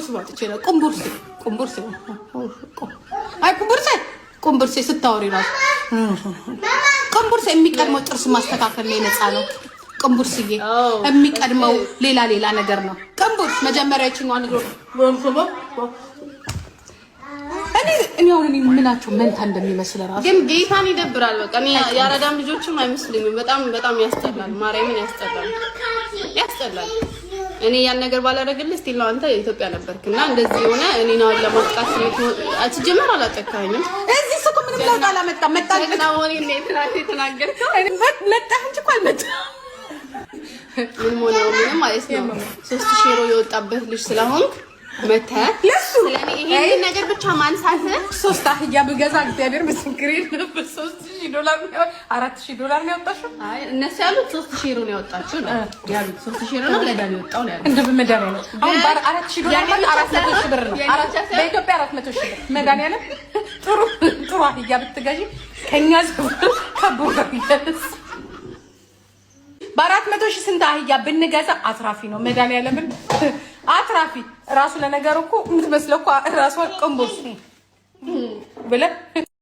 ቁምቡርስ ባጥቼ ነው። ቁምቡርስ ቁምቡርስ አይ ቁምቡርስ ቁምቡርስ ስታወሪ ራሱ ቁምቡርስ የሚቀድመው ጥርስ ማስተካከል ላይ ነፃ ነው። ቁምቡርስዬ የሚቀድመው ሌላ ሌላ ነገር ነው። ቁምቡርስ መጀመሪያ ይችኛዋን እኔ እኔ አሁን እኔ ምናቸው መንታ እንደሚመስል ራሱ ግን ጌታን ይደብራል። በቃ እኔ ያረዳም ልጆችም አይመስልኝም። በጣም በጣም ያስጠላል። ማርያምን ያስጠላል፣ ያስጠላል እኔ ያን ነገር ባላደረግልህ ስቲል ነው አንተ ኢትዮጵያ ነበርክ እና እንደዚህ የሆነ እኔ ነው ለማጥቃት ስሜት አትጀመር። አላጠቃኸኝም። እዚህ እሱ እኮ ምንም ለውጥ አላመጣም። መጣህ እንጂ እኮ አልመጣም። ምን ሆነው ምንም ማለት ነው ሶስት ሺህ ሮ የወጣበት ልጅ ስለሆንክ ነገር ብቻ ማንሳት ሶስት አህያ ብገዛ እግዚአብሔር ምስክሬ ሶስት ሺህ ዶላር አራት ሺህ ዶላር ነው ያወጣሽው። እነሱ ያሉት ሶስት ሺህ ነው ያወጣችው ነው ያሉት ሶስት ሺህ ነው ለዳን የወጣው ነው ያሉት። አራት ሺህ ዶላር ማለት አራት መቶ ሺህ ብር ነው። በኢትዮጵያ አራት መቶ ሺህ ብር መዳን ያለ ጥሩ ጥሩ አህያ ብትገዢ ከኛ ከቡር በአራት መቶ ሺህ ስንት አህያ ብንገዛ አትራፊ ነው መዳን ያለምን አትራፊ ራሱ ለነገሩ እኮ የምትመስለው እኮ ራሷ ቀንቦስ ብለህ